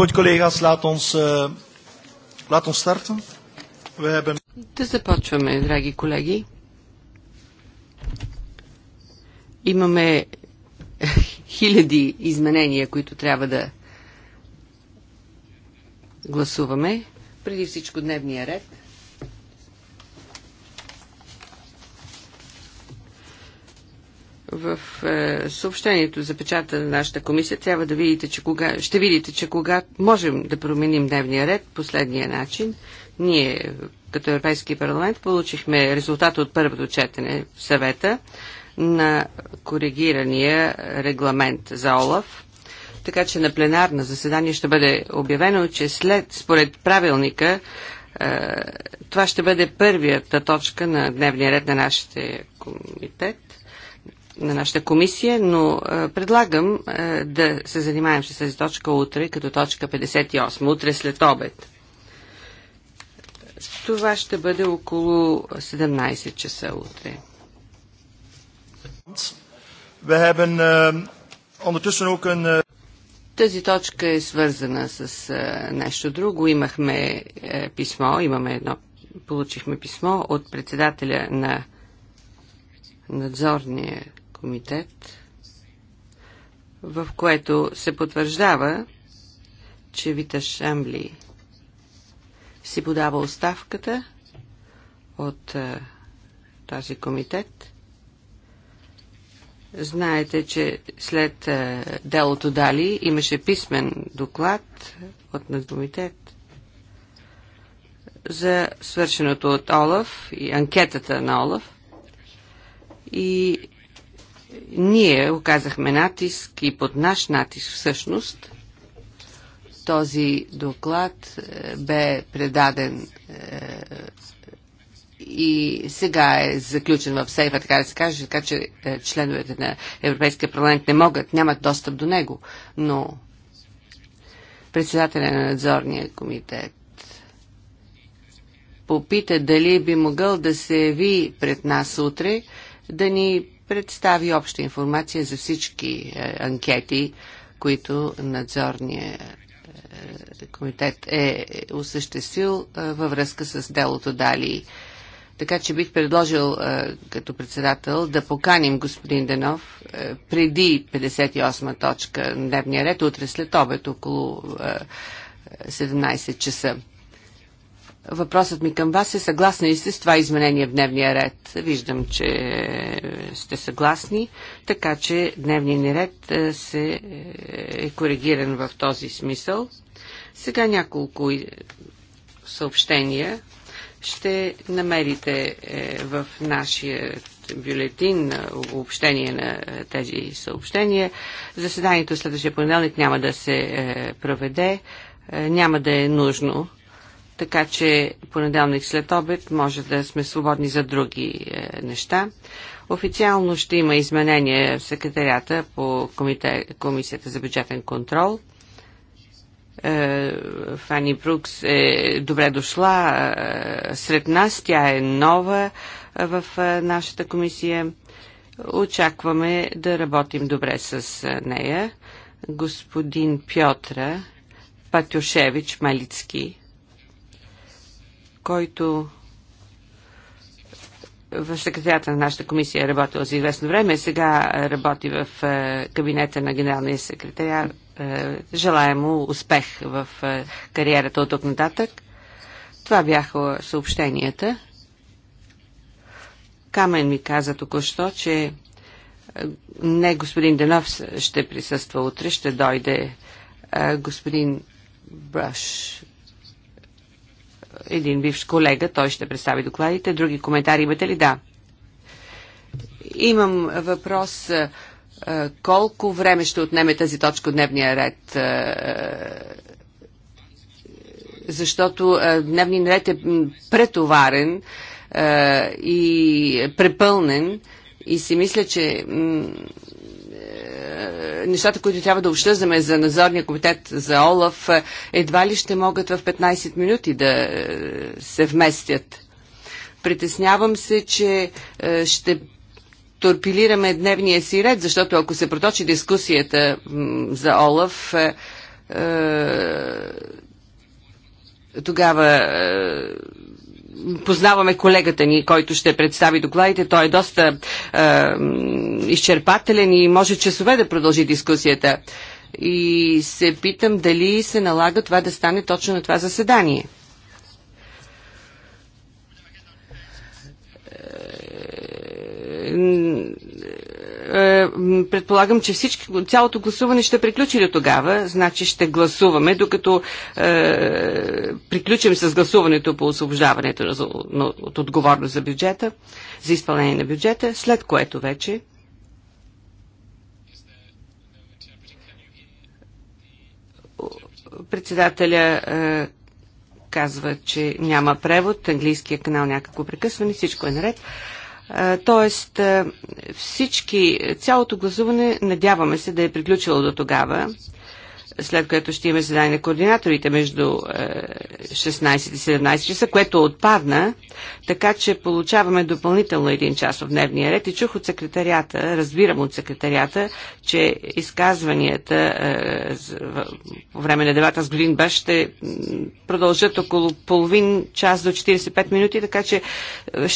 Goed, collega's, laat ons, uh, laat ons starten. We hebben... Да започваме, драги колеги. Имаме хиляди изменения, които трябва да гласуваме. Преди всичко дневния ред – в е, съобщението за печата на нашата комисия трябва да видите, че кога, ще видите, че кога можем да променим дневния ред последния начин. Ние, като Европейски парламент, получихме резултата от първото четене в съвета на коригирания регламент за ОЛАФ. Така че на пленарна заседание ще бъде обявено, че след, според правилника, е, това ще бъде първията точка на дневния ред на нашите комитет на нашата комисия, но а, предлагам а, да се занимаем с тази точка утре, като точка 58, утре след обед. Това ще бъде около 17 часа утре. Тази точка е свързана с е, нещо друго. Имахме е, писмо, имаме едно, получихме писмо от председателя на надзорния комитет, в което се потвърждава, че Вита Шамбли си подава оставката от а, този комитет. Знаете, че след а, делото Дали имаше писмен доклад от надкомитет за свършеното от Олаф и анкетата на Олаф. И ние оказахме натиск и под наш натиск всъщност този доклад е, бе предаден е, и сега е заключен в сейфа, така да се каже, така че е, членовете на Европейския парламент не могат, нямат достъп до него, но председателя на надзорния комитет попита дали би могъл да се яви пред нас утре, да ни представи обща информация за всички е, анкети, които надзорният е, комитет е осъществил е, във връзка с делото Дали. Така че бих предложил като председател да поканим господин Денов преди 58 точка дневния ред, утре след обед около 17 часа. Въпросът ми към вас е съгласна ли сте с това изменение в дневния ред? Виждам, че сте съгласни, така че дневният ни ред е, се е, е коригиран в този смисъл. Сега няколко съобщения ще намерите е, в нашия бюлетин общение на тези съобщения. Заседанието следващия понеделник няма да се проведе, няма да е нужно така че понеделник след обед може да сме свободни за други е, неща. Официално ще има изменение в секретарията по комите, Комисията за бюджетен контрол. Е, Фани Брукс е добре дошла е, сред нас. Тя е нова е, в е, нашата комисия. Очакваме да работим добре с е, нея. Господин Пьотра Патюшевич Малицки който в секретарията на нашата комисия е работила за известно време, сега работи в е, кабинета на генералния секретаря. Е, желая му успех в е, кариерата от тук нататък. Това бяха съобщенията. Камен ми каза току-що, че не господин Денов ще присъства утре, ще дойде господин Браш един бивш колега, той ще представи докладите. Други коментари имате ли? Да. Имам въпрос колко време ще отнеме тази точка от дневния ред? Защото дневният ред е претоварен и е препълнен и си мисля, че нещата, които трябва да обсъждаме за надзорния комитет за ОЛАФ, едва ли ще могат в 15 минути да е, се вместят. Притеснявам се, че е, ще торпилираме дневния си ред, защото ако се проточи дискусията за Олаф, е, тогава познаваме колегата ни, който ще представи докладите. Той е доста е, изчерпателен и може часове да продължи дискусията. И се питам дали се налага това да стане точно на това заседание. Е, е, предполагам, че всички, цялото гласуване ще приключи до тогава, значи ще гласуваме, докато е, приключим с гласуването по освобождаването от отговорност за бюджета, за изпълнение на бюджета, след което вече председателя е, казва, че няма превод, английския канал някакво прекъсване, всичко е наред. Тоест всички, цялото гласуване, надяваме се да е приключило до тогава, след което ще имаме задание на координаторите между 16 е, и 17 часа, което отпадна, така че получаваме допълнително един час в дневния ред и чух от секретарията, разбирам от секретарията, че изказванията е, по време на дебата с Баш ще продължат около половин час до 45 минути, така че е,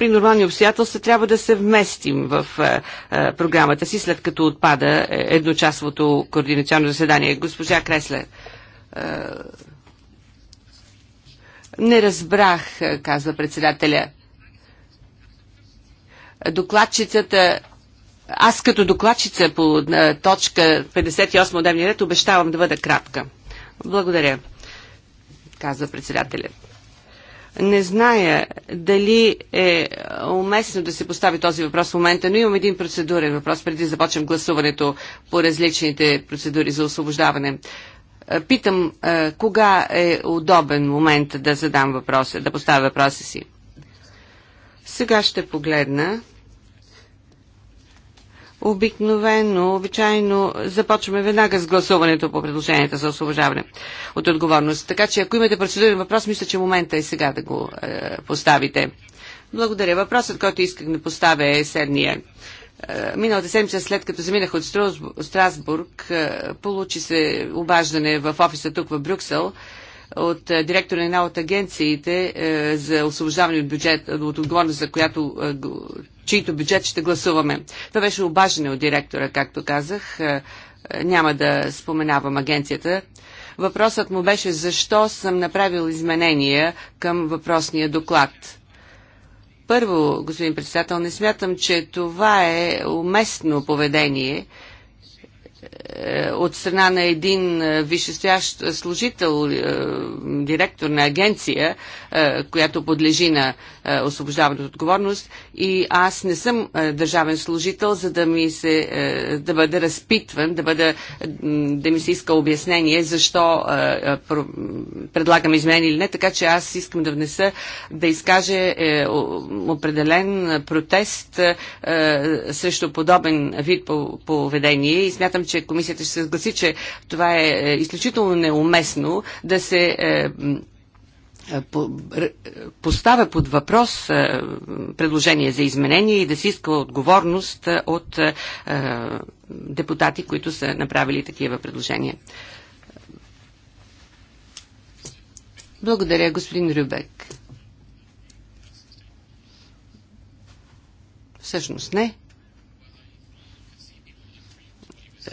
при нормални обстоятелства трябва да се вместим в е, е, програмата си, след като отпада е, едночасовото координационно заседание. Госпожа Кресле, не разбрах, казва председателя. Докладчицата аз като докладчица по точка 58 от дневния ред обещавам да бъда кратка. Благодаря, казва председателят. Не зная дали е уместно да се постави този въпрос в момента, но имам един процедурен въпрос преди да започнем гласуването по различните процедури за освобождаване. Е, питам, е, кога е удобен момент да задам въпроса, да поставя въпроса си? Сега ще погледна Обикновено, обичайно започваме веднага с гласуването по предложенията за освобождаване от отговорност. Така че ако имате процедурен въпрос, мисля, че момента е сега да го е, поставите. Благодаря. Въпросът, който исках да поставя е следния. Е, миналата седмица, след като заминах от Страсбург, е, получи се обаждане в офиса тук в Брюксел от е, директора на една от агенциите за освобождаване от бюджет, от отговорност, за която чийто бюджет ще гласуваме. Това беше обаждане от директора, както казах. Е, е, няма да споменавам агенцията. Въпросът му беше защо съм направил изменения към въпросния доклад. Първо, господин председател, не смятам, че това е уместно поведение е, от страна на един висшестоящ служител, директор на агенция, която подлежи на е, освобождаване от отговорност и аз не съм е, държавен служител, за да ми се, е, да бъда разпитван, да, бъда, да ми се иска обяснение защо предлагам измени или не, така че аз искам да внеса, да изкаже определен протест срещу подобен вид поведение и смятам, че комисията ще се съгласи, че това е изключително неуместно да се е, е, поставя под въпрос е, предложение за изменение и да се иска отговорност от депутати, които са направили такива предложения. Благодаря, господин Рюбек. Всъщност не. Е,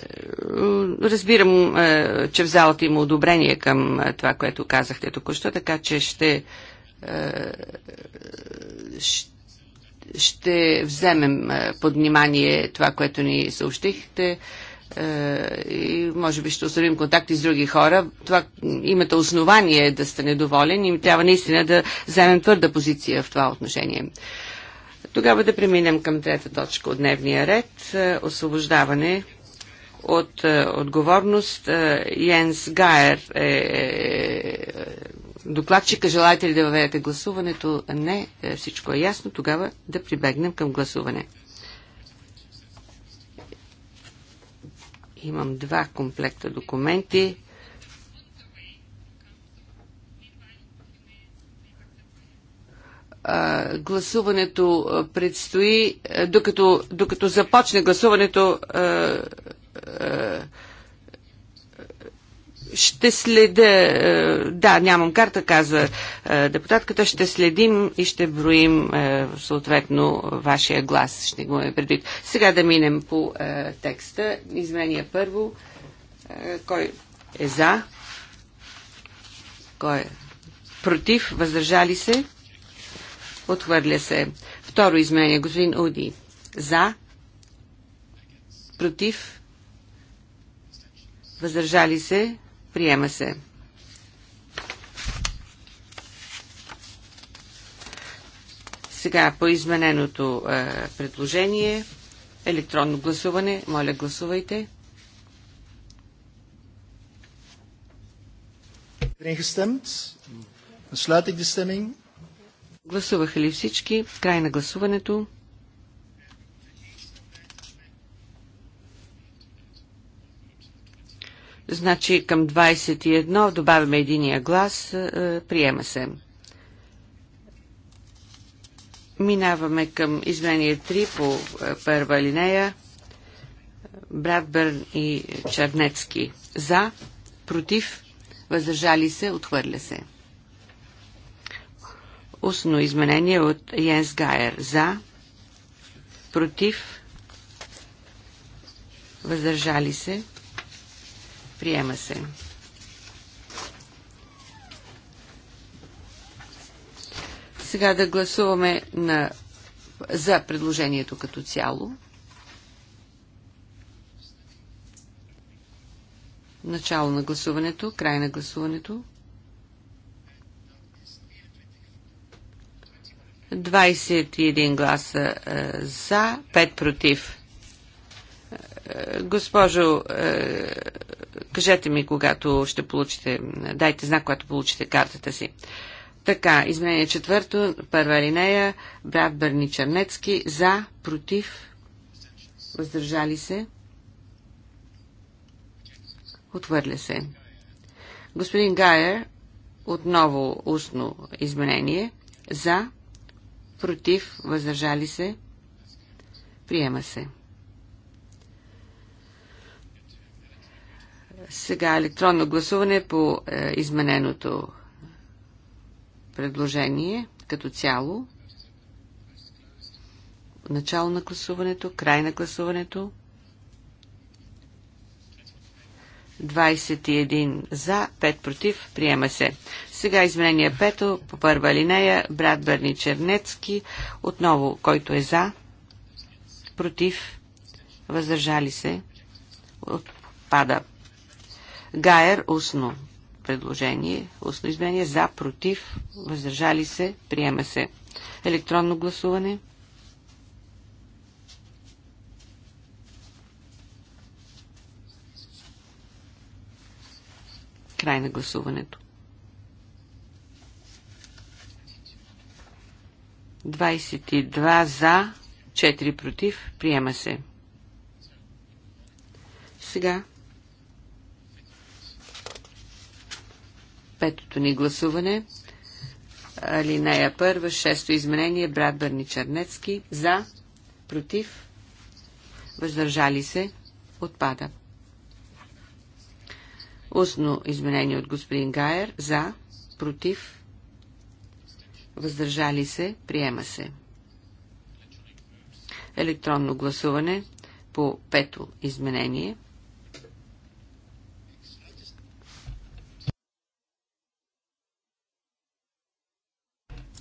разбирам, е, че в залата има одобрение към е, това, което казахте току-що, така че ще, ще вземем под внимание това, което ни съобщихте и може би ще установим контакти с други хора. Това имате основание да сте недоволен и трябва наистина да вземем твърда позиция в това отношение. Тогава да преминем към трета точка от дневния ред – освобождаване от е, отговорност. Е, Йенс Гайер е, е докладчика. Желаете ли да въведете гласуването? Не, всичко е ясно. Тогава да прибегнем към гласуване. Имам два комплекта документи. гласуването предстои, докато, докато започне гласуването, е, е, ще следя, е, да, нямам карта, каза депутатката, ще следим и ще броим съответно вашия глас. Ще го имаме предвид. Сега да минем по текста. Изменя първо. Кой е за? Кой е против? Въздържали се? Отхвърля се. Второ изменение. Господин Уди. За? Против? Въздържали се. Приема се. Сега по измененото е, предложение електронно гласуване. Моля, гласувайте. Гласуваха ли всички? Край на гласуването. Значи към 21 добавяме единия глас, е, е, приема се. Минаваме към изменение 3 по е, първа линея. Братбърн и Чернецки. За, против, въздържали се, отхвърля се. Устно изменение от Йенс Гайер. За, против, въздържали се, Приема се. Сега да гласуваме на, за предложението като цяло. Начало на гласуването, край на гласуването. 21 гласа е, за, 5 против. Е, е, госпожо е, Кажете ми, когато ще получите, дайте знак, когато получите картата си. Така, изменение четвърто, първа линея, брат Бърни Чернецки, за, против, въздържали се, отвърля се. Господин Гайер, отново устно изменение, за, против, въздържали се, приема се. Сега електронно гласуване по е, измененото предложение като цяло. Начало на гласуването, край на гласуването. 21 за, 5 против, приема се. Сега изменение 5 по първа линея, брат Бърни Чернецки, отново който е за, против, въздържали се, отпада. Гайер устно предложение, устно изменение за, против, въздържали се, приема се. Електронно гласуване. Край на гласуването. 22 за, 4 против, приема се. Сега петото ни гласуване. Алинея първа, шесто изменение, брат Бърни Чернецки. За, против, въздържали се, отпада. Устно изменение от господин Гайер. За, против, въздържали се, приема се. Електронно гласуване по пето изменение –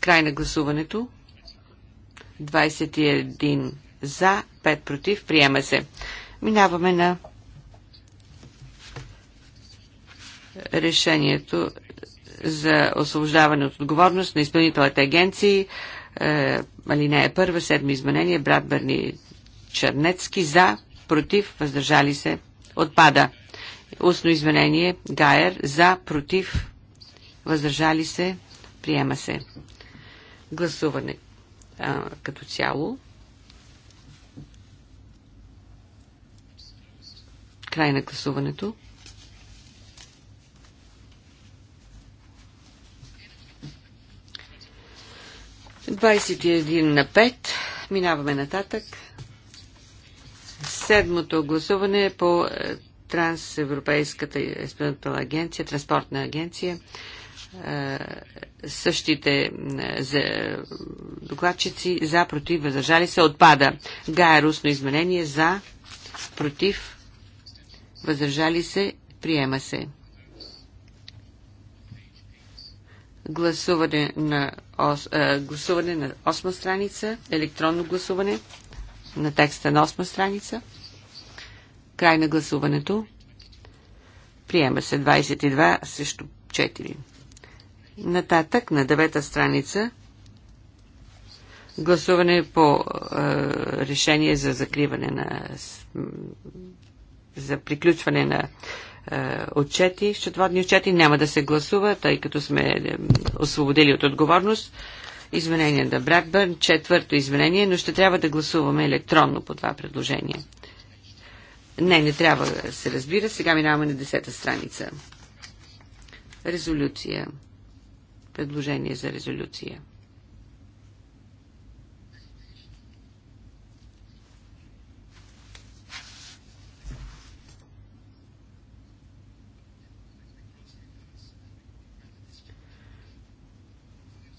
Край на гласуването. 21 за, 5 против. Приема се. Минаваме на решението за освобождаване от отговорност на изпълнителните агенции. Е, алинея първа, седми изменение, брат Берни Чернецки за, против, въздържали се, отпада. Устно изменение, Гайер за, против, въздържали се, приема се гласуване а, като цяло. Край на гласуването. Двадесет и един на пет. Минаваме нататък. Седмото гласуване е по Трансевропейската изпълнителна агенция, транспортна агенция е, същите за докладчици за, против, въздържали се, отпада. Гая русно изменение за, против, въздържали се, приема се. Гласуване на, ос, а, гласуване на 8 страница, електронно гласуване на текста на 8 страница. Край на гласуването. Приема се 22 срещу 4. Нататък на девета страница гласуване по е, решение за закриване на за приключване на е, отчети, счетоводни отчети няма да се гласува, тъй като сме е, освободили от отговорност изменение на Бракбърн, четвърто изменение, но ще трябва да гласуваме електронно по това предложение. Не, не трябва да се разбира. Сега минаваме на десета страница. Резолюция предложение за резолюция.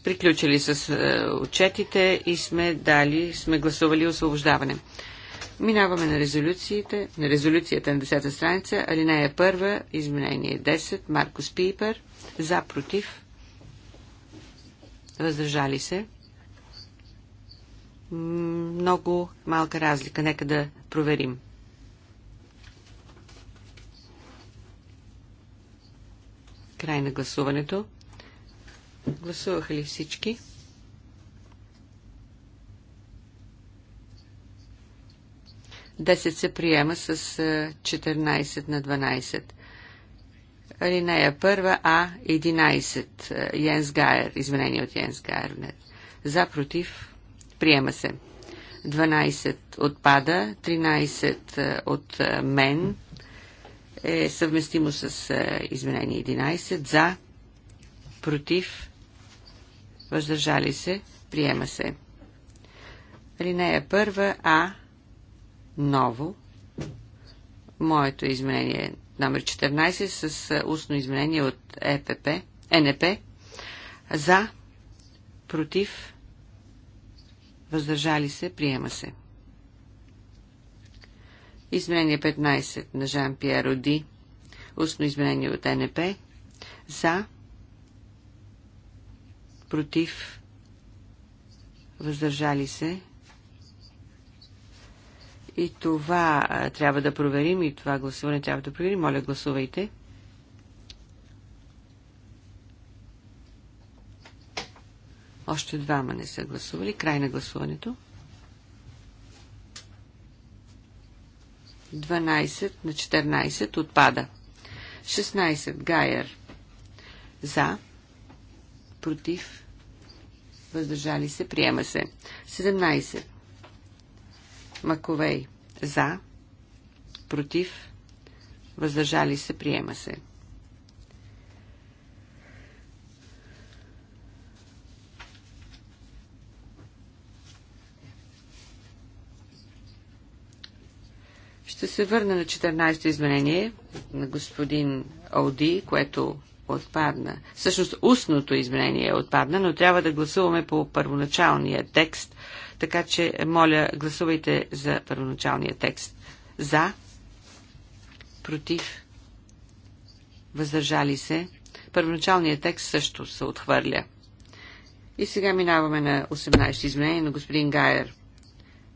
приключили с е, отчетите и сме дали, сме гласували освобождаване. Минаваме на резолюциите, на резолюцията на 10-та страница, алинея 1, изменение 10, Маркус Пипер, за, против, въздържали се. Много малка разлика. Нека да проверим. Край на гласуването. Гласуваха ли всички? Десет се приема с 14 е, на 12. Алинея 1 А11. Е, Йенс Гайер. Изменение от Йенс Гайер. За, против. Приема се. 12 отпада. 13 е, от е, мен е съвместимо с изменение 11. За, против. Въздържали се. Приема се. Алинея 1 А. Ново. Моето изменение номер 14 с устно изменение от ЕПП, НП. Е За, против, въздържали се, приема се. Изменение 15 на Жан Пьер Оди. Устно изменение от НП. Е За, против, въздържали се, и това трябва да проверим и това гласуване трябва да проверим. Моля, гласувайте. Още двама не са гласували. Край на гласуването. 12 на 14 отпада. 16 Гайер за, против, въздържали се, приема се. 17 Маковей. За. Против. Въздържали се. Приема се. Ще се върна на 14-то изменение на господин Оди, което отпадна. Всъщност устното изменение е отпадна, но трябва да гласуваме по първоначалния текст така че, моля, гласувайте за първоначалния текст. За, против, въздържали се. Първоначалният текст също се отхвърля. И сега минаваме на 18 изменение на господин Гайер.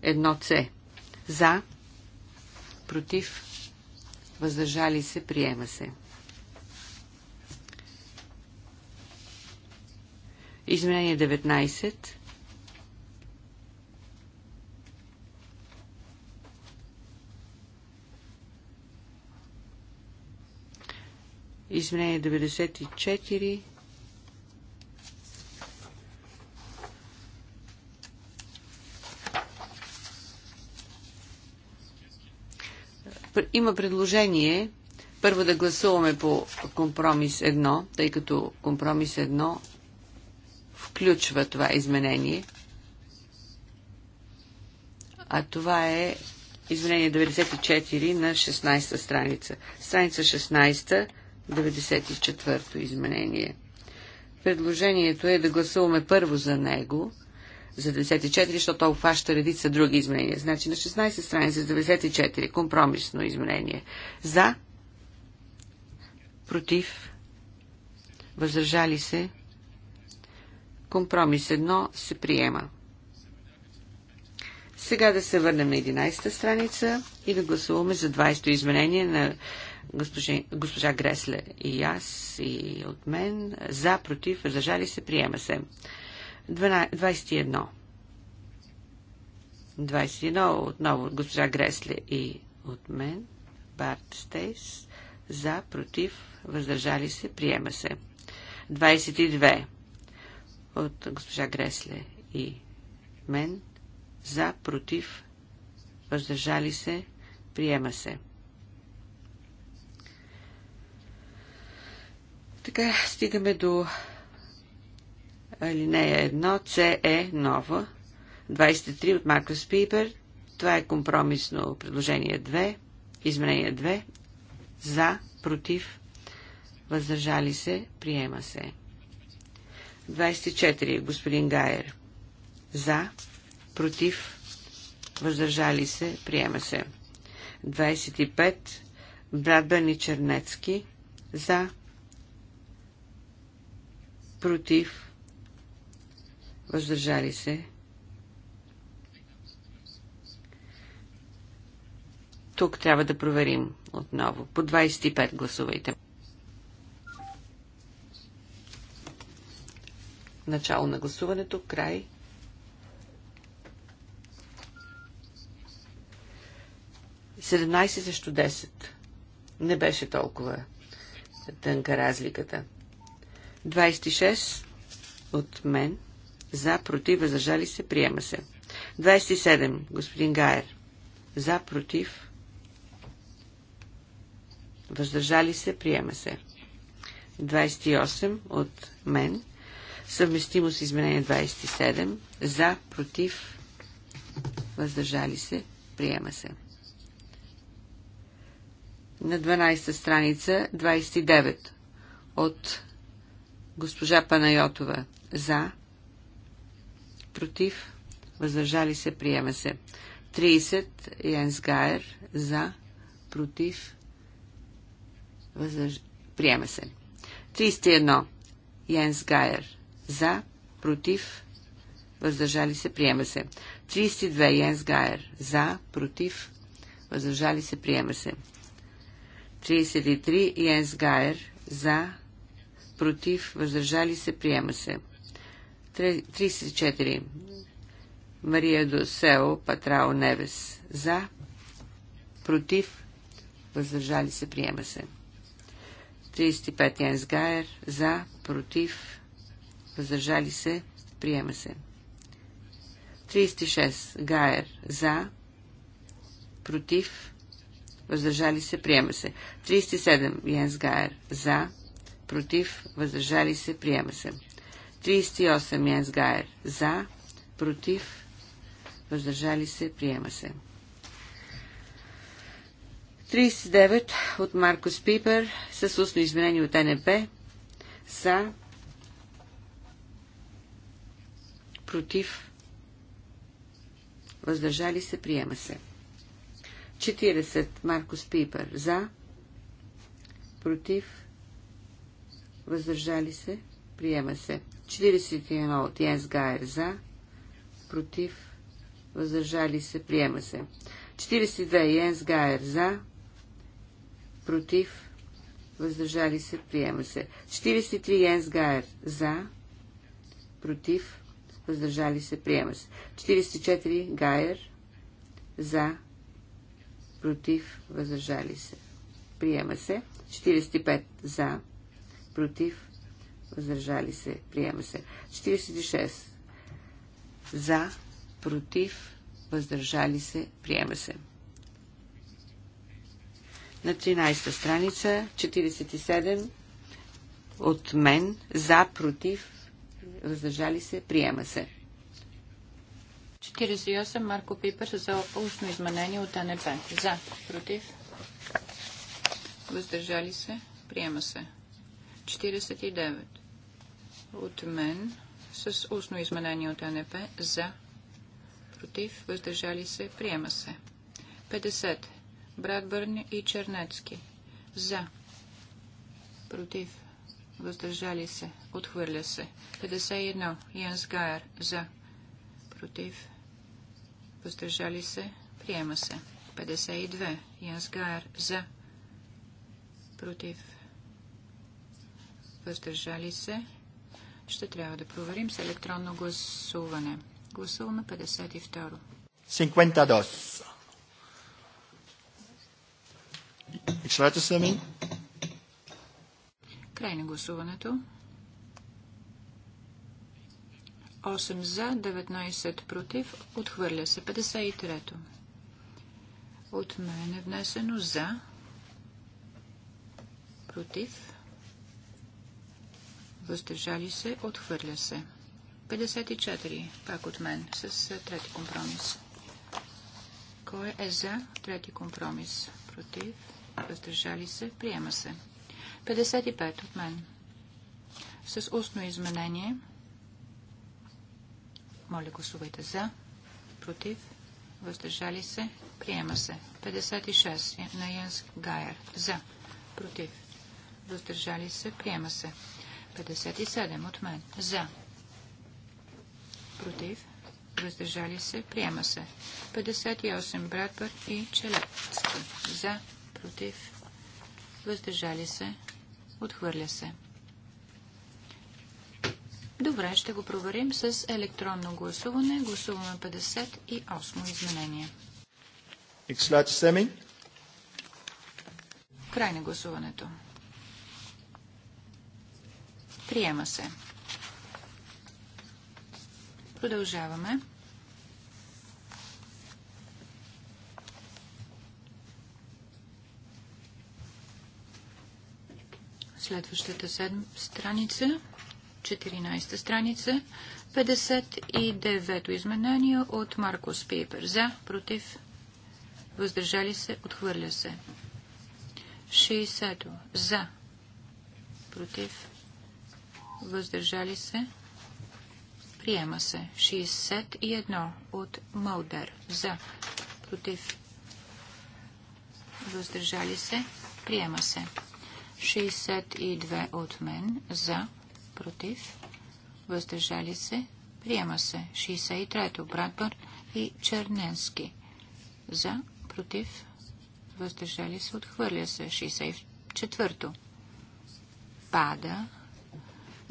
Едно С. За, против, въздържали се, приема се. Изменение 19. Изменение 94. Има предложение първо да гласуваме по компромис 1, тъй като компромис 1 включва това изменение. А това е изменение 94 на 16-та страница. Страница 16 94-то изменение. Предложението е да гласуваме първо за него, за 94, защото обхваща редица други изменения. Значи на 16 страница 94, компромисно изменение. За, против, въздържали се, компромис 1 се приема. Сега да се върнем на 11-та страница и да гласуваме за 20-то изменение на госпожи, госпожа Гресле и аз, и от мен, за, против, въздържали се, приема се. 21. 21 отново госпожа Гресле и от мен, Барт Стейс, за, против, въздържали се, приема се. 22 от госпожа Гресле и мен, за, против, въздържали се, приема се. Така стигаме до алинея 1, CE е, нова, 23 от Маркус Пипер. Това е компромисно предложение 2, изменение 2, за, против, въздържали се, приема се. 24. Господин Гайер. За, против, въздържали се, приема се. 25. брат Бърни Чернецки. За, против, въздържали се. Тук трябва да проверим отново. По 25 гласувайте. Начало на гласуването, край. Седемнайсет срещу 10. Не беше толкова тънка разликата. 26 от мен. За, против, въздържали се, приема се. 27. Господин Гайер. За, против, въздържали се, приема се. 28 от мен. Съвместимо с изменение 27. За, против, въздържали се, приема се. На 12 страница 29 от Госпожа Панайотова за. Против. Въздържали се. Приема се. 30. Янс Гайер за. Против. Въздърж... Приема се. 31. Янс Гайер за. Против. Въздържали се. Приема се. 32. Янс Гайер за. Против. Въздържали се. Приема се. 33. Янс Гайер за против, въздържали се, приема се. 34. Мария Сео, Патрао Невес. За, против, въздържали се, приема се. 35. Янс Гайер. За, против, въздържали се, приема се. 36. Гайер. За, против, въздържали се, приема се. 37. Янс Гайер. За, против, въздържали се, приема се. 38 Янс Гайер за, против, въздържали се, приема се. 39 от Маркус Пипер с устно изменение от НП са против въздържали се, приема се. 40 Маркус Пипер за против въздържали се, приема се. 41 от Йенс Гайер за, против, въздържали се, приема се. 42 Йенс Гайер за, против, въздържали се, приема се. 43 Йенс Гайер за, против, въздържали се, приема се. 44 Гайер за, против, въздържали се, приема се. 45 за, против, въздържали се, приема се. 46. За, против, въздържали се, приема се. На 13-та страница, 47 от мен, за, против, въздържали се, приема се. 48 Марко Пипер за устно изменение от АНП. За, против, въздържали се, приема се. 49 от мен с устно изменение от НП за, против, въздържали се, приема се. 50. Братбърн и Чернецки за, против, въздържали се, отхвърля се. 51. Янс Гайер за, против, въздържали се, приема се. 52. Янс Гайер за, против, въздържали се. Ще трябва да проверим с електронно гласуване. Гласуваме 52. 52. се ми. Край на гласуването. 8 за, 19 против. Отхвърля се 53-то. От мен е внесено за, против, въздържали се, отхвърля се. 54, пак от мен, с трети компромис. Кой е за трети компромис? Против, въздържали се, приема се. 55 от мен. С устно изменение. Моля, гласувайте за, против, въздържали се, приема се. 56 е на Янс Гайер. За, против, въздържали се, приема се. 57 от мен. За. Против. Въздържали се. Приема се. 58 Братбър и Челецка. За. Против. Въздържали се. Отхвърля се. Добре, ще го проверим с електронно гласуване. Гласуваме 58 изменение. Край на гласуването. Приема се. Продължаваме. Следващата седм... страница, 14-та страница, 59-то изменение от Маркус Пейпер. За, против, въздържали се, отхвърля се. 60-то. За, против, въздържали се, приема се. 61 от Мълдер за, против, въздържали се, приема се. 62 от мен за, против, въздържали се, приема се. 63-то Братбър и Черненски за, против, въздържали се, отхвърля се. 64-то пада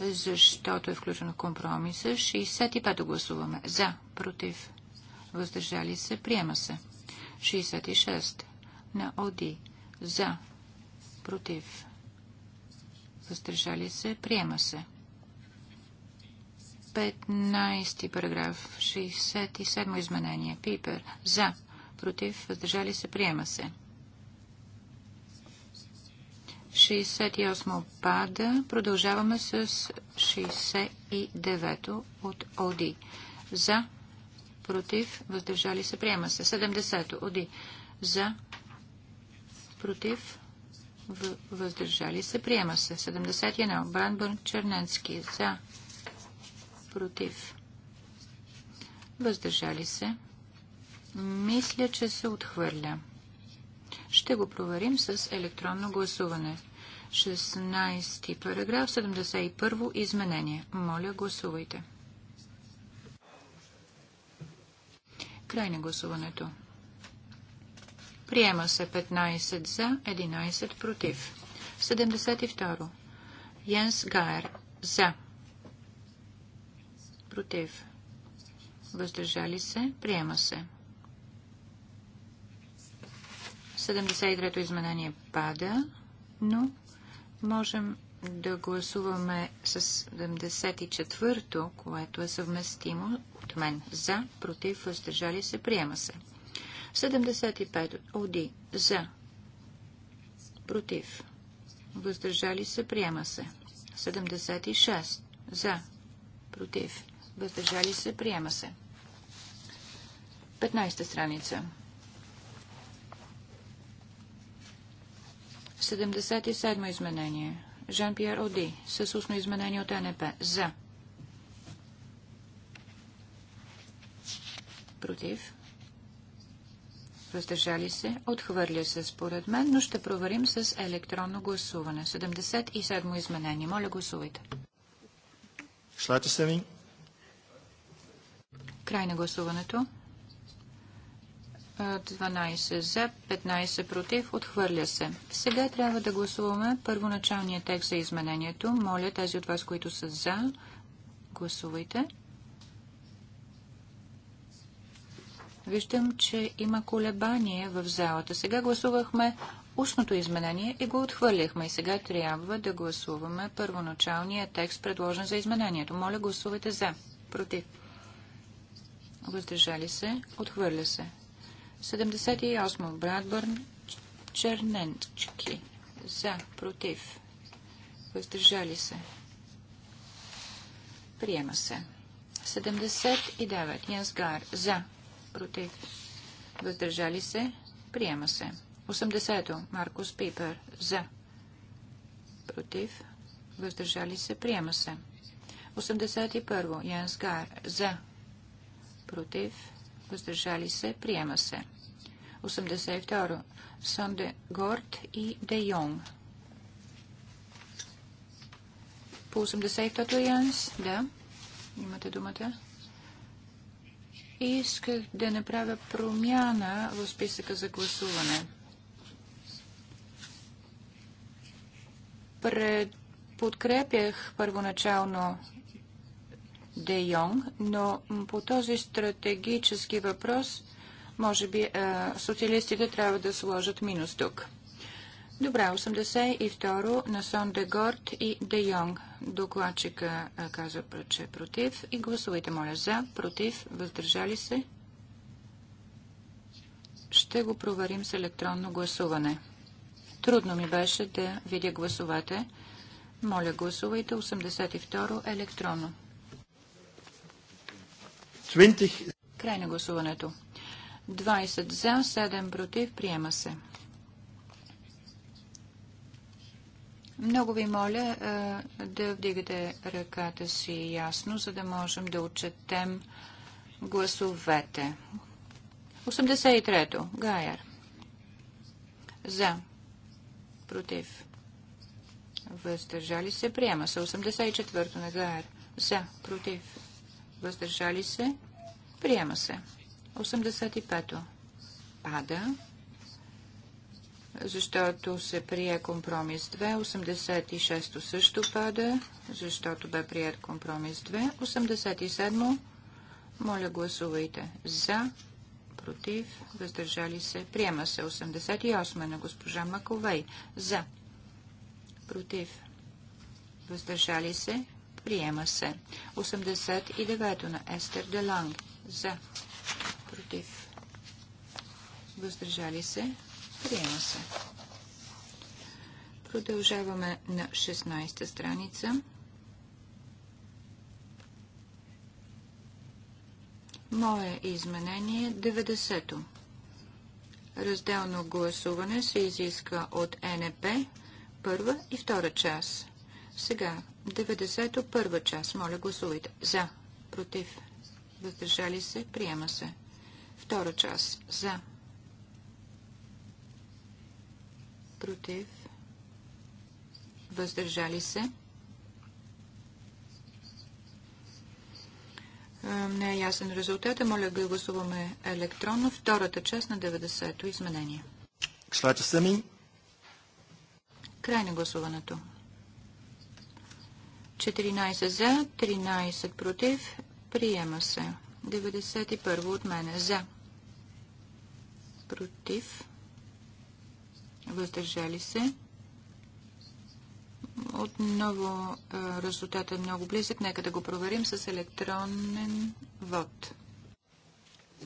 защото е включено компромиса. 65 гласуваме. За, против, въздържали се, приема се. 66 на ОДИ. За, против, въздържали се, приема се. 15 параграф, 67 изменение. Пипер. За, против, въздържали се, приема се. 68 пада. Продължаваме с 69 от ОДИ. За, против, въздържали се, приема се. 70 ОДИ. За, против, въздържали се, приема се. 71 Бранбърн Черненски. За, против, въздържали се. Мисля, че се отхвърля. Ще го проверим с електронно гласуване. 16 параграф, 71 изменение. Моля, гласувайте. Край на гласуването. Приема се 15 за, 11 против. 72. Йенс Гайер. За. Против. Въздържали се. Приема се. 73-то изменение пада, но можем да гласуваме с 74-то, което е съвместимо от мен. За, против, въздържали се, приема се. 75 Оди. За. Против. Въздържали се, приема се. 76 За. Против. Въздържали се, приема се. 15 страница. 77 изменение. Жан-Пьер Оди. С устно изменение от НП. За. Против. Въздържали се. Отхвърля се според мен, но ще проверим с електронно гласуване. 77 изменение. Моля, гласувайте. Шлате се ми. Край на гласуването. 12 за, 15 против, отхвърля се. Сега трябва да гласуваме първоначалния текст за изменението. Моля тези от вас, които са за, гласувайте. Виждам, че има колебание в залата. Сега гласувахме устното изменение и го отхвърляхме. И сега трябва да гласуваме първоначалния текст, предложен за изменението. Моля, гласувайте за. Против. Въздържали се. Отхвърля се. 78. Брадбърн Черненчки. За. Против. Въздържали се. Приема се. 79. Янсгар. За. Против. Въздържали се. Приема се. 80. Маркус Пипер. За. Против. Въздържали се. Приема се. 81. Янсгар. За. Против въздържали се, приема се. 82. Сонде Горд и Де Йонг. По 82-то Янс, да, имате думата. Исках да направя промяна в списъка за гласуване. Пред... Подкрепях първоначално Де Йонг, но по този стратегически въпрос, може би социалистите трябва да сложат минус тук. Добре, 82 на Сон де Горд и де Йонг. Докладчика казва, че е против. И гласувайте, моля, за, против, въздържали се. Ще го проверим с електронно гласуване. Трудно ми беше да видя гласовете. Моля, гласувайте 82 електронно. 20... Край на гласуването. 20 за, 7 против. Приема се. Много ви моля е, да вдигате ръката си ясно, за да можем да отчетем гласовете. 83-то. Гайер. За. Против. Въздържали се. Приема се. 84-то на Гайер. За. Против въздържали се, приема се. 85-то пада, защото се прие компромис 2, 86-то също пада, защото бе прият компромис 2, 87 о моля гласувайте за, против, въздържали се, приема се. 88 на госпожа Маковей за, против, въздържали се, Приема се. 89 на Естер Деланг. За. Против. Въздържали се. Приема се. Продължаваме на 16-та страница. Мое изменение 90-то. Е Разделно гласуване се изиска от НП първа и втора част. Сега, 90-то първа част. Моля, гласувайте. За. Против. Въздържали се. Приема се. Втора част. За. Против. Въздържали се. Е, не е ясен резултата. Моля, да гласуваме електронно. Втората част на 90-то изменение. Край на гласуването. 14 за, 13 против. Приема се. 91 от мене за. Против. Въздържали се. Отново резултатът е много близък. Нека да го проверим с електронен вод.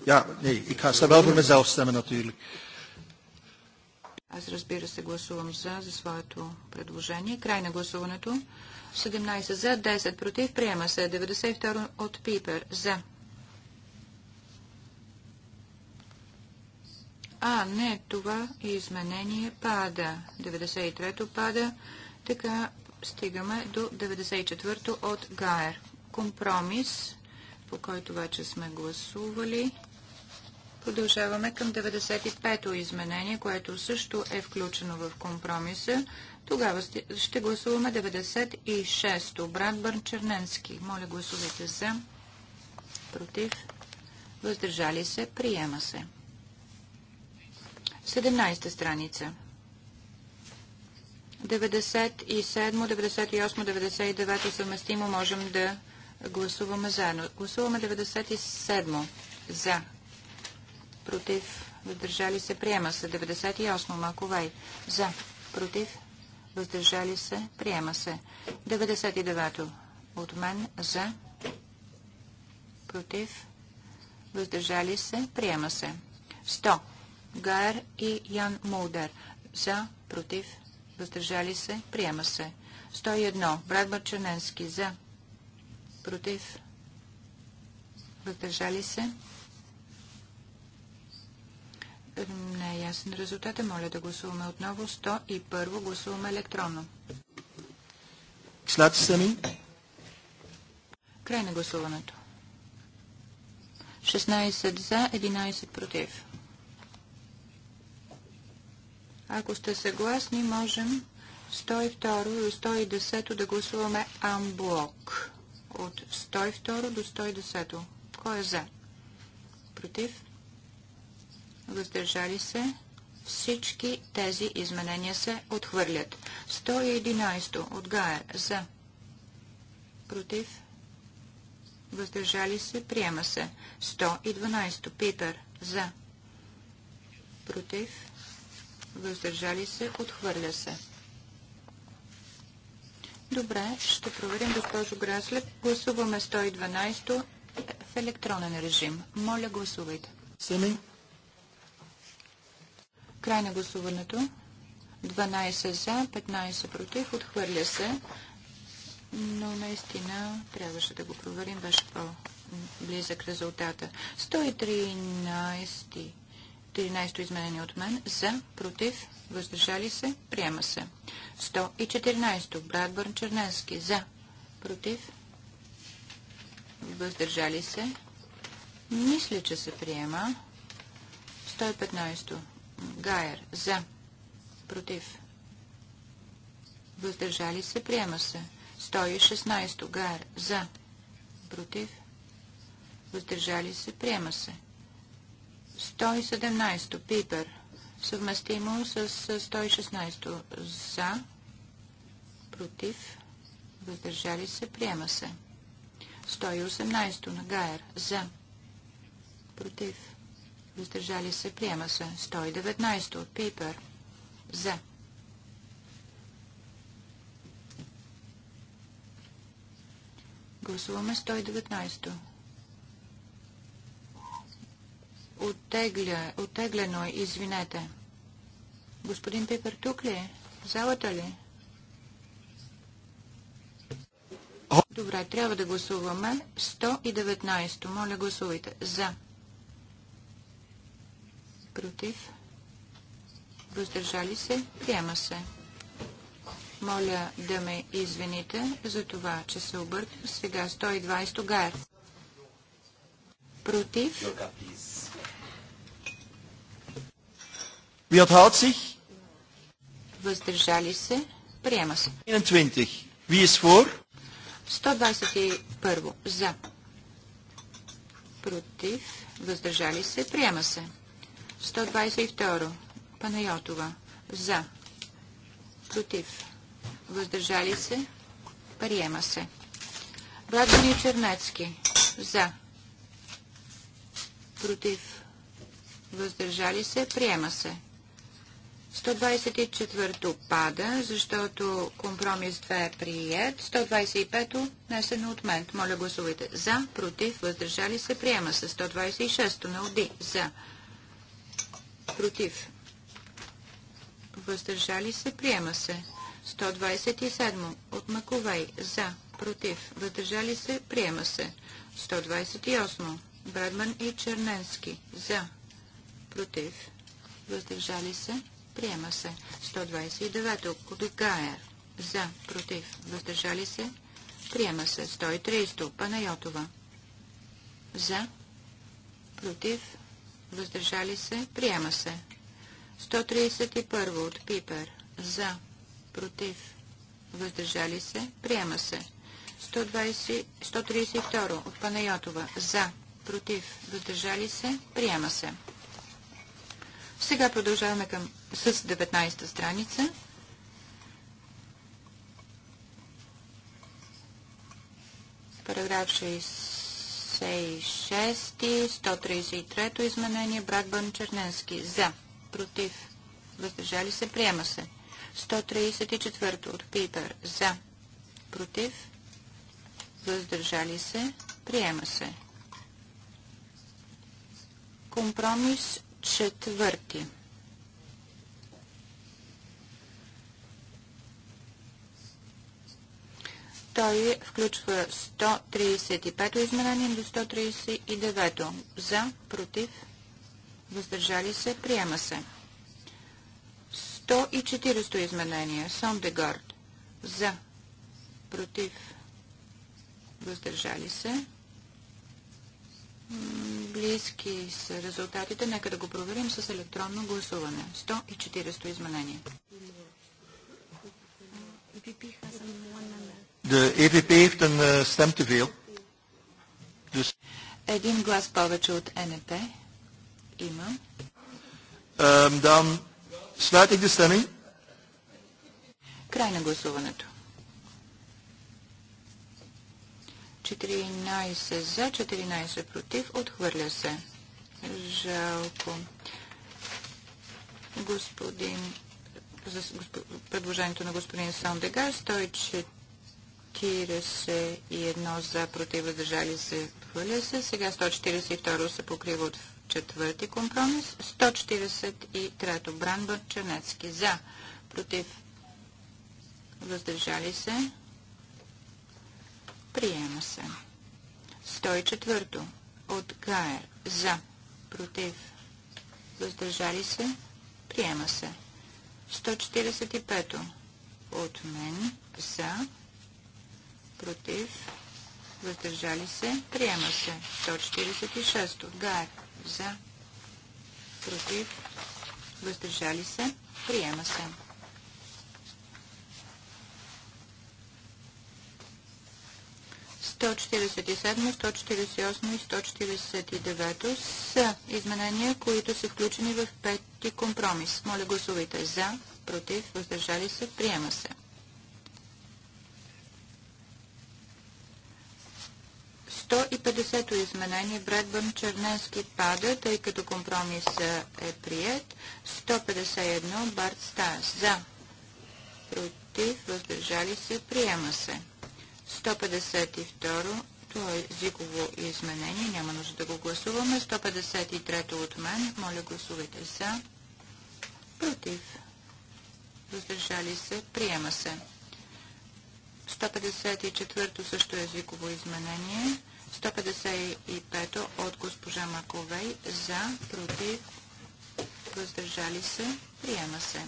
Ja, nee, ik ga wel voor mezelf stemmen natuurlijk. Аз разбира се гласувам за, за своето предложение. Край на гласуването. 17 за, 10 против. Приема се. 92 от Пипер. За. А, не, това изменение пада. 93-то пада. Така стигаме до 94-то от Гайер. Компромис, по който вече сме гласували. Продължаваме към 95-то изменение, което също е включено в компромиса. Тогава ще гласуваме 96-то. Бърн Черненски. Моля гласувайте за. Против. Въздържали се. Приема се. 17-та страница. 97, 98, 99 съвместимо можем да гласуваме заедно. Гласуваме 97 за. Против. Въздържали се. Приема се. 98 Маковай. За. Против въздържали се, приема се. 99 от мен за, против, въздържали се, приема се. 100. Гайер и Ян Мулдер. За, против, въздържали се, приема се. 101. Брат Бърчаненски. За, против, въздържали се, не е ясен резултата. Моля да гласуваме отново. 101 гласуваме електронно. Сами. Край на гласуването. 16 за, 11 против. Ако сте съгласни, можем 102 и 110 да гласуваме амблок. От 102 до 110. Кой е за? Против? въздържали се, всички тези изменения се отхвърлят. 111 от Гая за, против, въздържали се, приема се. 112 Питър. за, против, въздържали се, отхвърля се. Добре, ще проверим, госпожо Граслеп. Гласуваме 112 в електронен режим. Моля, гласувайте. Семи. Край на гласуването. 12 за, 15 против. Отхвърля се. Но наистина трябваше да го проверим. Беше по-близък резултата. 113 13 изменение от мен. За, против, въздържали се, приема се. 114. Брадбърн Черненски. За, против, въздържали се. Мисля, че се приема. 115. Гайер. За. Против. Въздържали се. Приема се. 116. Гайер. За. Против. Въздържали се. Приема се. 117. Пипер. Съвместимо с 116. За. Против. Въздържали се. Приема се. 118. На Гайер. За. Против въздържали се, приема се. 119 от Пипер, за. Гласуваме 119. Оттегля, оттеглено, е. извинете. Господин Пипер, тук ли е? залата ли? Добре, трябва да гласуваме 119. Моля, гласувайте. За против, въздържали се, приема се. Моля да ме извините за това, че се обърках. Сега 120 гар. Против. Въздържали се. Приема се. 121. За. Против. Въздържали се. Приема се. 122. Панайотова. За. Против. Въздържали се. Приема се. Брадвани Чернецки. За. Против. Въздържали се. Приема се. 124-то пада, защото компромис 2 е прият. 125-то несено от мен. Моля гласувайте за, против, въздържали се, приема се. 126-то на ОДИ. За, Против. Въздържали се. Приема се. 127. От Маковей. За. Против. Въздържали се. Приема се. 128. Брадман и Черненски. За. Против. Въздържали се. Приема се. 129. От За. Против. Въздържали се. Приема се. 130. Панайотова. За. Против въздържали се, приема се. 131 от Пипер, за, против, въздържали се, приема се. 120, 132 от Панайотова, за, против, въздържали се, приема се. Сега продължаваме към, с 19-та страница. Параграф 6. 156, 133 изменение, Бън Черненски. За. Против. Въздържали се. Приема се. 134 от Пипер. За. Против. Въздържали се. Приема се. Компромис четвърти. Той включва 135-то изменение до 139-то. За, против, въздържали се, приема се. 140-то изменение. Сондегард. За, против, въздържали се. Близки са резултатите. Нека да го проверим с електронно гласуване. 140 изменение. De EVP heeft een uh, stem te veel. Dus... Един глас повече от НП има. Um, dan sluit ik de stemming. Край на гласуването. 14 за, 14 против. Отхвърля се. Жалко. Господин, за госп... предложението на господин Сандегар, 104 141 за против въздържали се хвърля се. Сега 142 се покрива от четвърти компромис. 143 Бранбър Чернецки за против въздържали се. Приема се. 104 от Гайер за против въздържали се. Приема се. 145 от мен за против, въздържали се, приема се. 146 от за, против, въздържали се, приема се. Сто четиридесет и седмо, сто четиридесет и осмо и сто четиридесет и девето са изменения, които са включени в пети компромис. Моля гласувайте за, против, въздържали се, приема се. 150-то изменение Бредбън Черненски пада, тъй като компромиса е прият. 151 Барт Стас за. Против, въздържали се, приема се. 152 това е езиково изменение, няма нужда да го гласуваме. 153-то от мен, моля гласувайте за. Против, въздържали се, приема се. 154-то също е езиково изменение. 155 от госпожа Маковей за, против, въздържали се, приема се.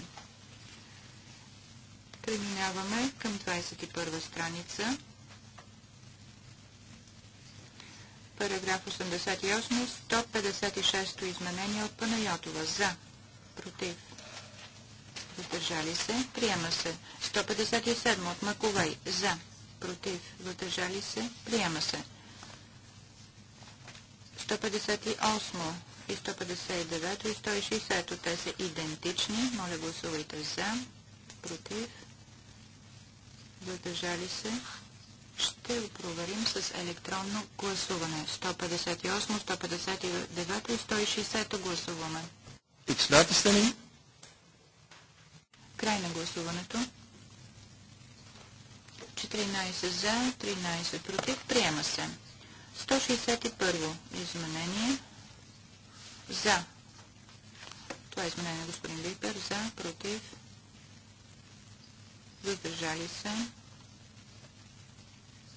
Преминаваме към 21 страница. Параграф 88, 156 изменение от Панайотова. За, против, въздържали се, приема се. 157 от Маковей. За, против, въздържали се, приема се. 158 и 159 и 160. Те са идентични. Моля гласувайте за, против, въздържали се. Ще го проверим с електронно гласуване. 158, 159 и 160 гласуваме. Председателствени. Край на гласуването. 14 за, 13 против. Приема се. 161 изменение за. Това е изменение на господин Випер. За, против, въздържали се.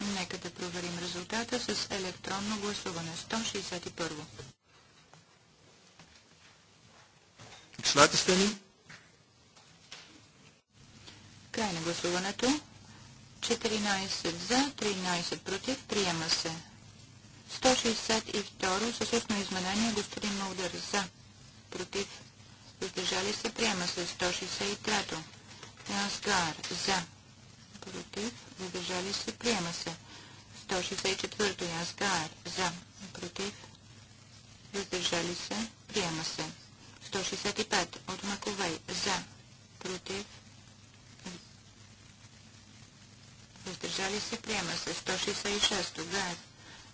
Нека да проверим резултата с електронно гласуване. 161. сте ни. Край на гласуването. 14 за, 13 против. Приема се. 162 със устно изменение господин Молдър за. Против. Въздържали се. Приема се. 163 Трансгар за. Против. Въздържали се. Приема се. 164 Янсгар за. Против. Въздържали се. Приема се. 165 от Маковей за. Против. Въздържали се. Приема се. 166 Гаев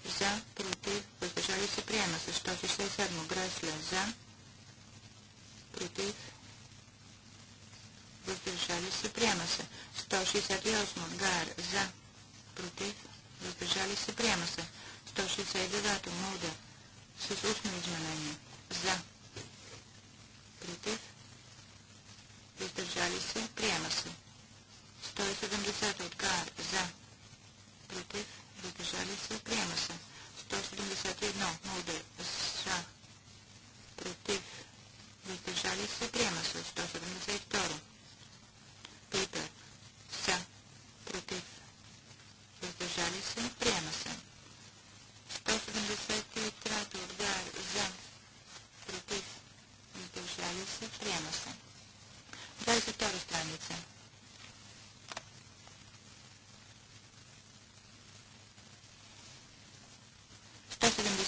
за, против, въздържали се, приема се. 167 Гресле за, против, въздържали се, приема се. 168 Гар за, против, въздържали се, приема се. 169 Муда с устно изменение за, против, въздържали се, приема се. 170 от Гар за, против, въздържали се, приема се. 171 Молде за, против, въздържали се, приема се. 172 Пипер Са, против, въздържали се, приема се. 173 Оргар за, против, въздържали се, приема се. 22 страница. 170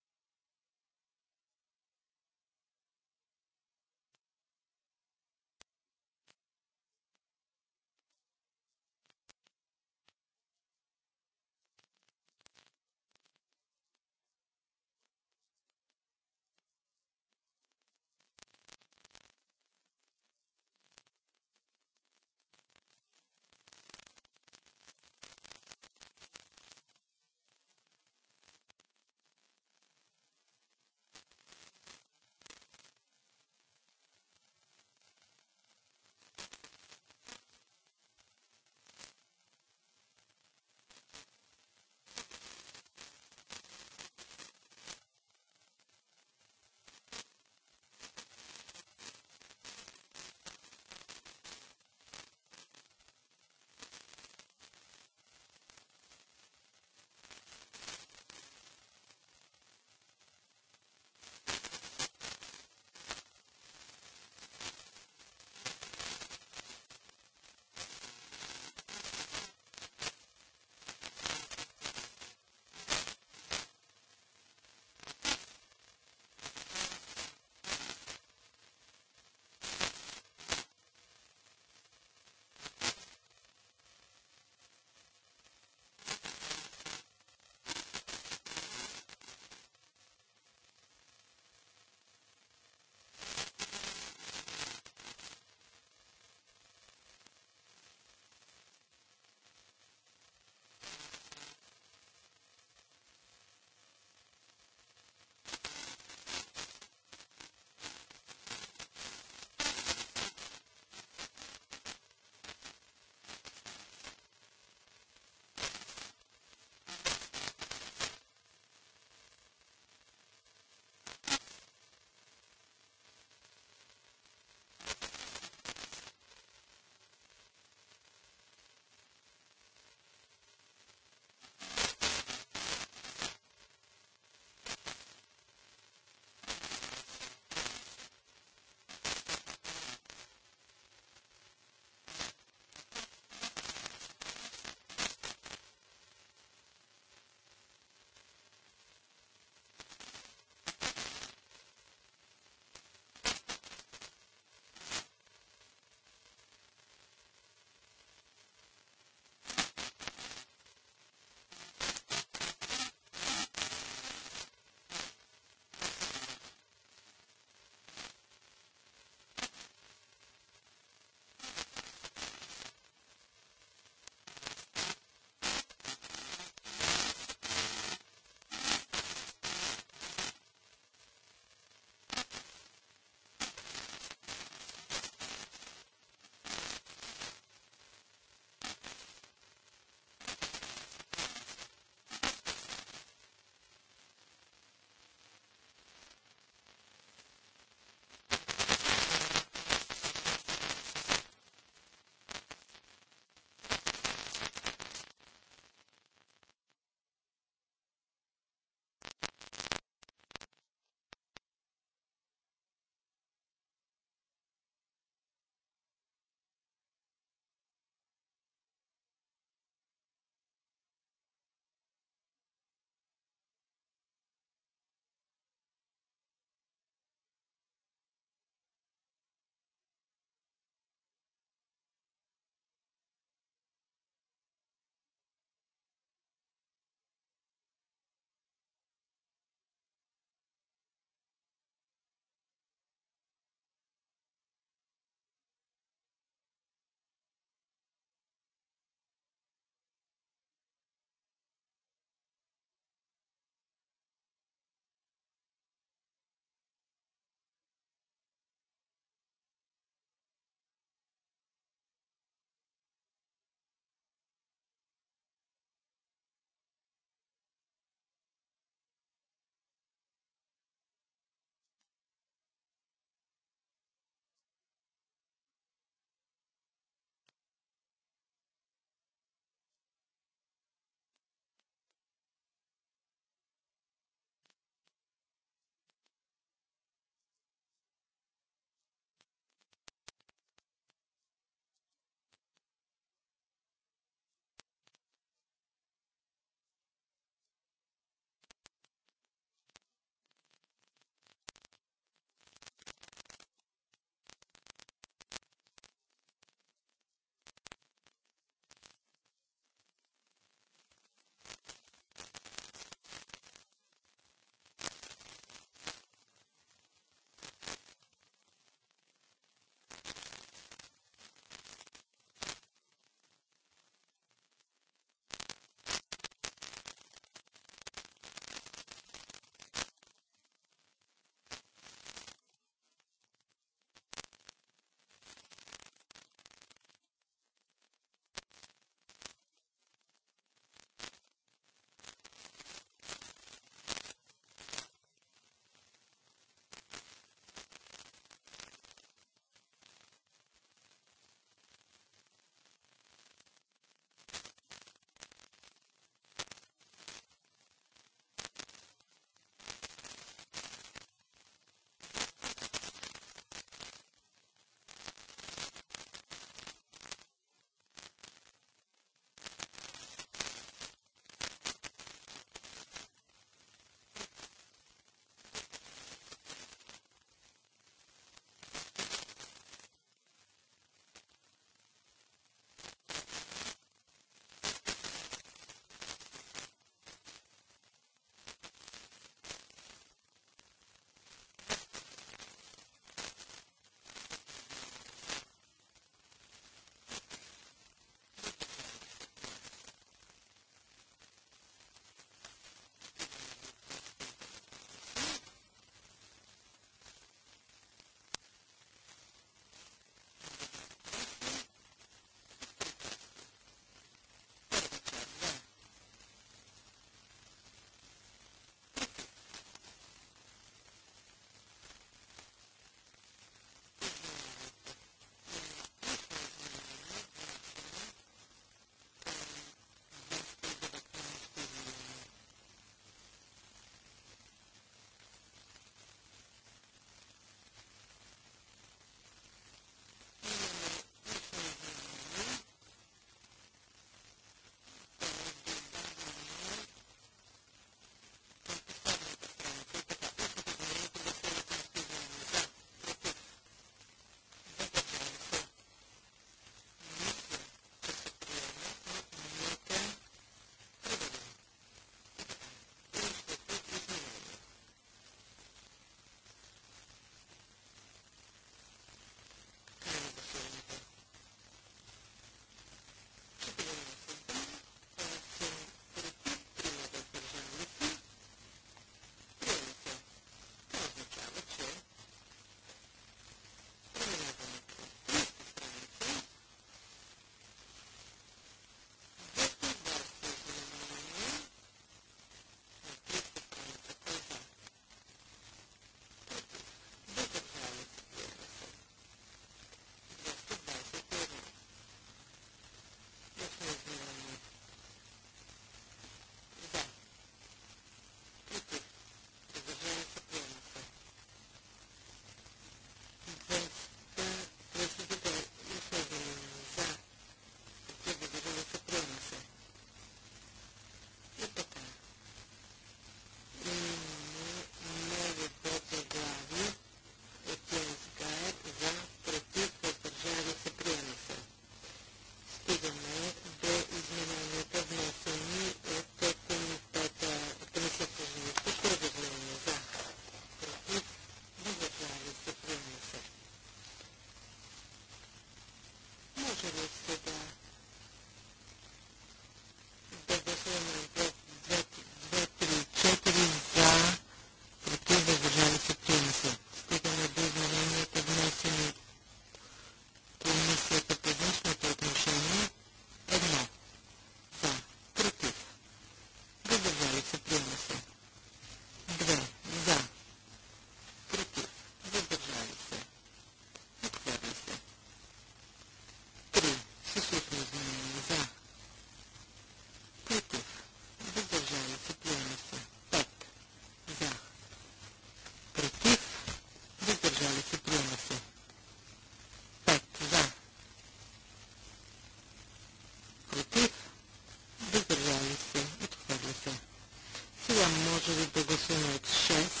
Стига до гласуваме 6.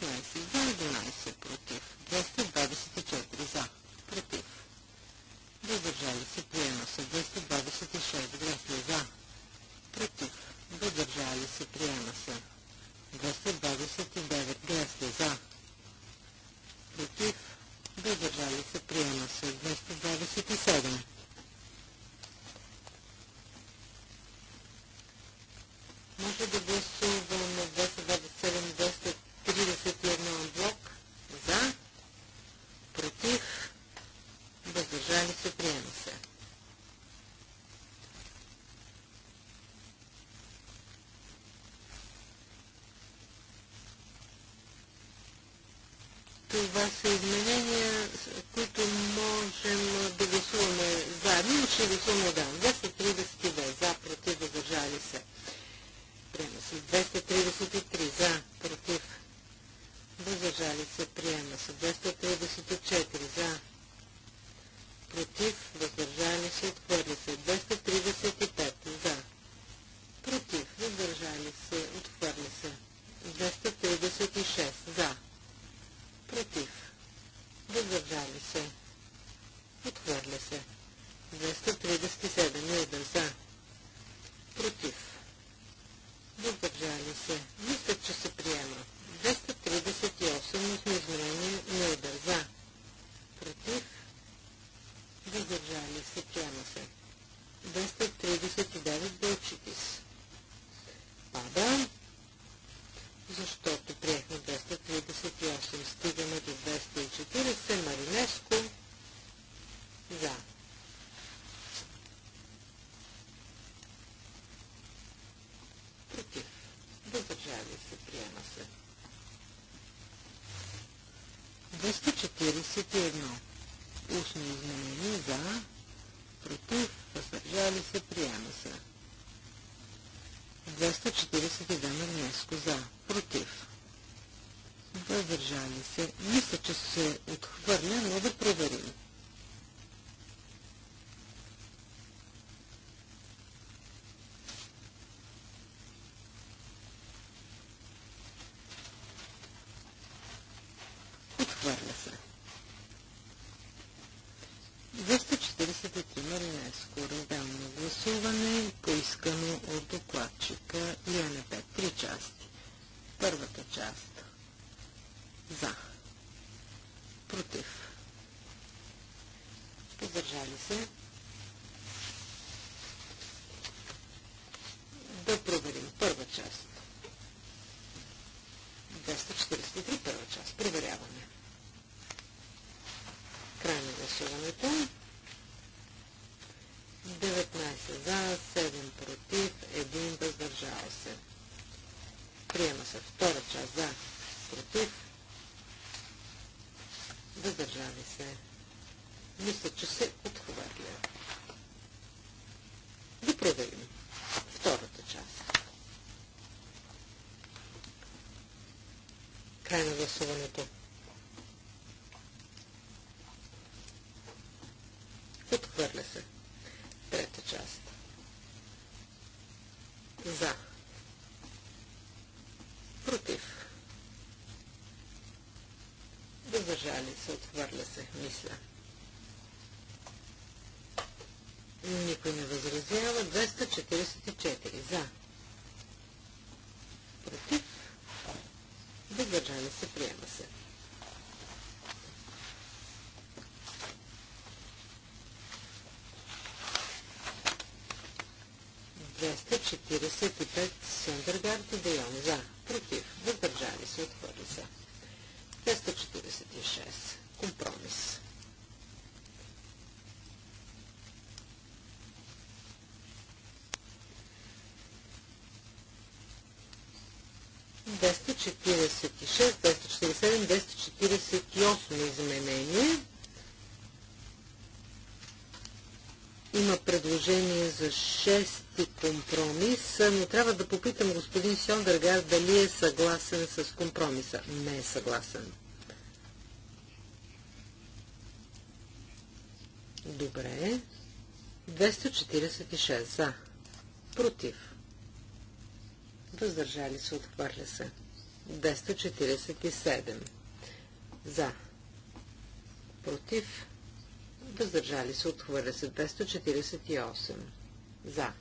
Christmas Това са изменения, които можем да гласуваме заедно, но ще гласуваме отделно. 232 за, против, въздържали се. Приема се 233 за, против, въздържали се. Приема се 234 за, 41. Устно изменение за, против, въздържали се, приема се. 241 на днеско за, против. Въздържали се. Мисля, че се гласуване, поискано от въздържали се. Мисля, че се отхвърля. Да проверим втората част. Край на гласуването. въздържали се, отхвърля се, мисля. Никой не възразява. 244 за. Против. Въздържали се, приема се. Двеста четиридесет и пет Сендергард и Дейон за. Против. Въздържали се, отхвърли се. 346. Компромис. Двеста 247, 248 изменение. Има предложение за 6 компромис, но трябва да попитам господин Сьондъргар дали е съгласен с компромиса. Не е съгласен. Добре. 246 за. Против. Въздържали се, отхвърля се. 247 за. Против. Въздържали се, отхвърля се. 248 за.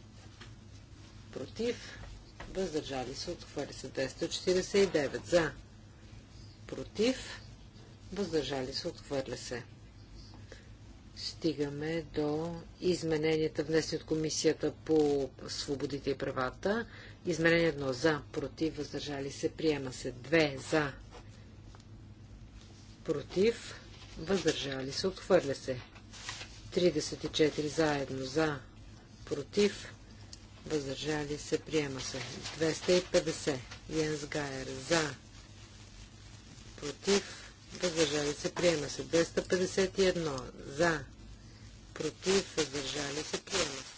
Против. Въздържали се, отхвърля се. 249 за. Против. Въздържали се, отхвърля се стигаме до измененията, внесени от Комисията по свободите и правата. Изменение едно за, против, въздържали се, приема се. 2 за, против, въздържали се, отхвърля се. 34 заедно за, против, въздържали се, приема се. 250 Йенс Гайер за, против, въздържали се, приема се. 251 за, против, въздържали се, приема се.